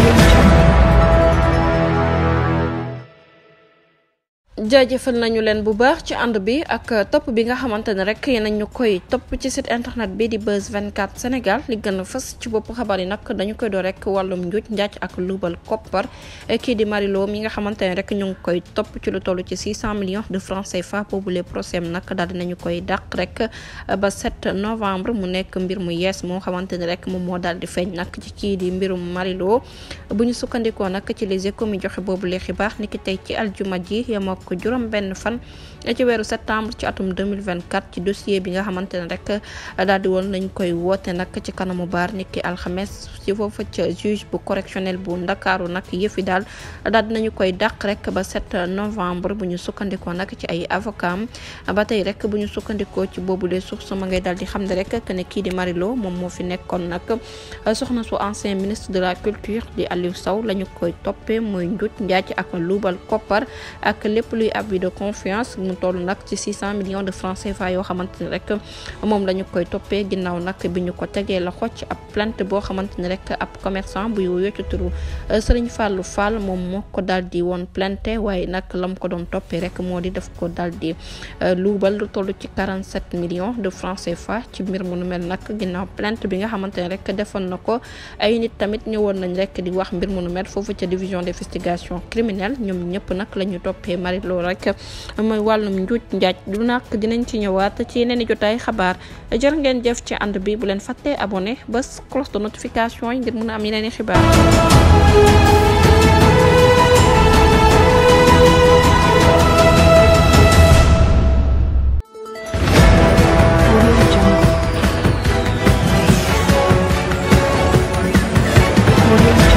you. jaajëfal nañu leen bu baax ci ànd bi ak topp bi nga xamantene rek yéen nañu koy topp ci site internet bi di Buzz 24 Sénégal li gën a ci bopp xabar yi nak dañu koy doo rek wàllum njuuj njaaj ak luubal koppar kii di Marilo mi nga xamantene rek ñu koy topp ci lu toll ci 600 millions de francs CFA boobu les procès nak daal dinañu koy dàq rek ba 7 novembre mu nekk mbir mu yees moo xamantene rek moom moo daal di feeñ nak ci kii di mbirum Marilo bu ñu sukkandikoo nag ci les échos mi joxe boobu les xibaar niki tey ci aljuma ji yemoo ko juróom benn fan ci weeru septembre ci atum 2024 ci dossier bi nga xamante ne rek euh, daal di woon nañ koy woote nag ci kanamu baar niki alxemes ci foofa ca juge bu correctionnel bu ndakaaru nag yëfi daal daal nañu koy dàq rek ba 7 novembre bu ñu sukkandikoo nag ci ay avocat ba tey rek bu ñu sukkandikoo ci boobu les sources ma ngay daal di xam ne rek que ne kii di Marie moom moo fi nekkoon nag soxna su ancien ministre de la culture di Aliou Sow la ñu koy toppee mooy njuut njaaj ak luubal koppar lépp luy abus de confiance mu toll nag ci 600 millions de francs CFA yoo xamante rek moom la koy toppee ginnaaw nag bi ñu ko tegee la xocc ab plainte boo xamante ni rek ab commerçant buy woyoo ci turu euh, Serigne Fall moom moo ko daal di woon plainte waaye nag lam ko doon toppee rek moo di def ko daal di euh, luubal lu toll ci 47 millions de francs fa ci mbir mu nu mel nag ginnaaw plainte bi nga xamante ne rek defoon na ko ay nit tamit ñëwoon nañ rek di wax mbir mu nu foofu ca division d'investigation criminelle ñoom seetlu rek mooy wàllum njuuj njaaj du nag dinañ ci ñëwaat ci yeneen i jotaay xabaar jërë ngeen jëf ci ànd bi bu leen fàttee abonné bés cloche de notification yi ngir mën a am yeneen i xibaar Audio